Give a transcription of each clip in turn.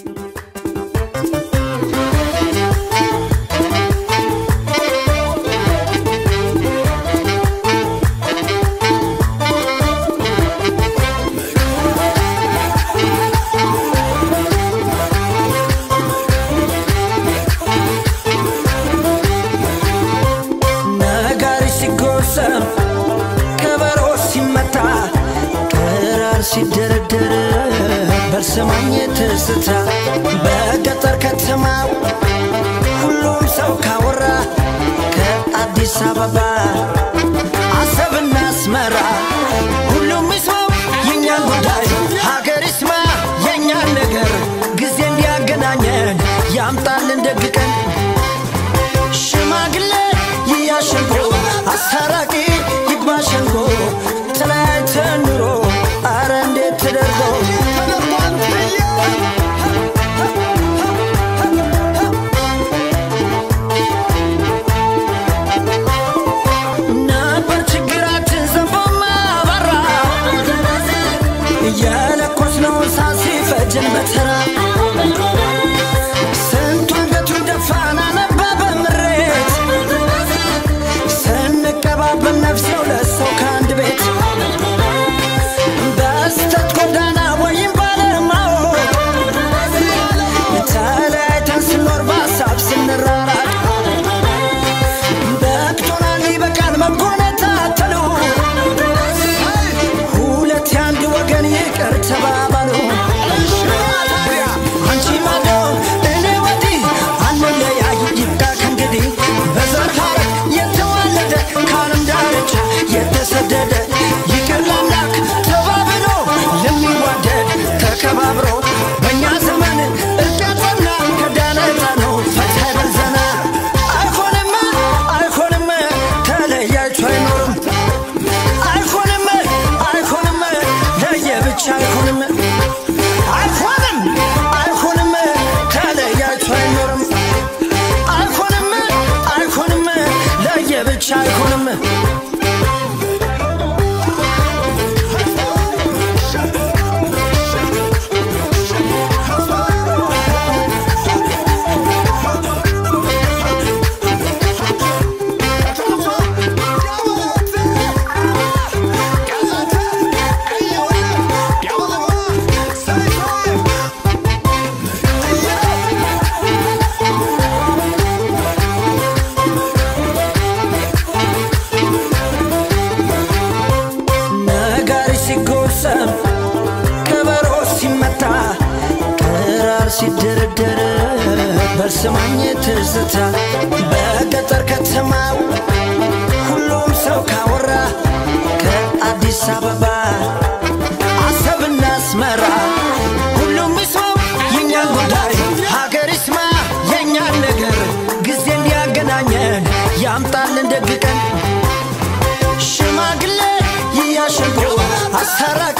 Música አትስማኝ ትስታ በገጠር ከተማው ሁሉም ሰው ካወራ ከአዲስ አበባ يا لك وشنو صاصي فجن مترا ሲደረደረ በርሰማኝ ትዝታ በገጠር ከተማው ሁሉም ሰው ካወራ ከአዲስ አበባ አሰብና አስመራ ሁሉም ሰው የኛን ጉዳይ ሀገር ይስማ የኛን ነገር ጊዜ እንዲያገናኘን ያምጣል እንደግቀን ሽማግሌ ይያሸንቆ አስታራቂ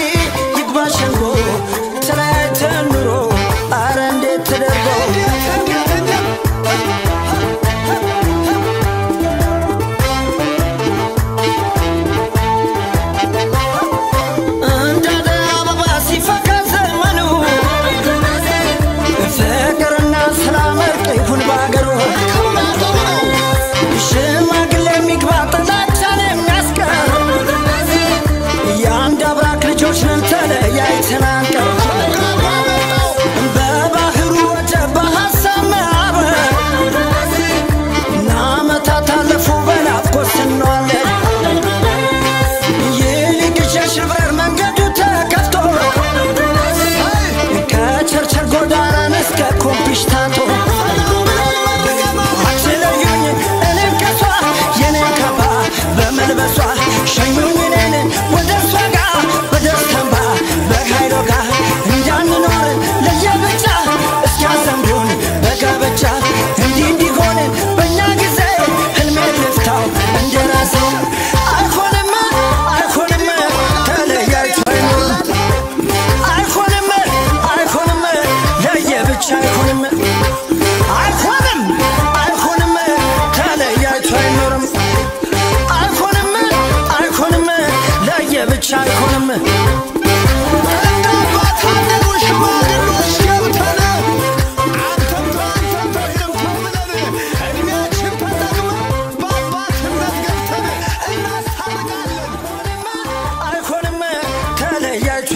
yeah, yeah.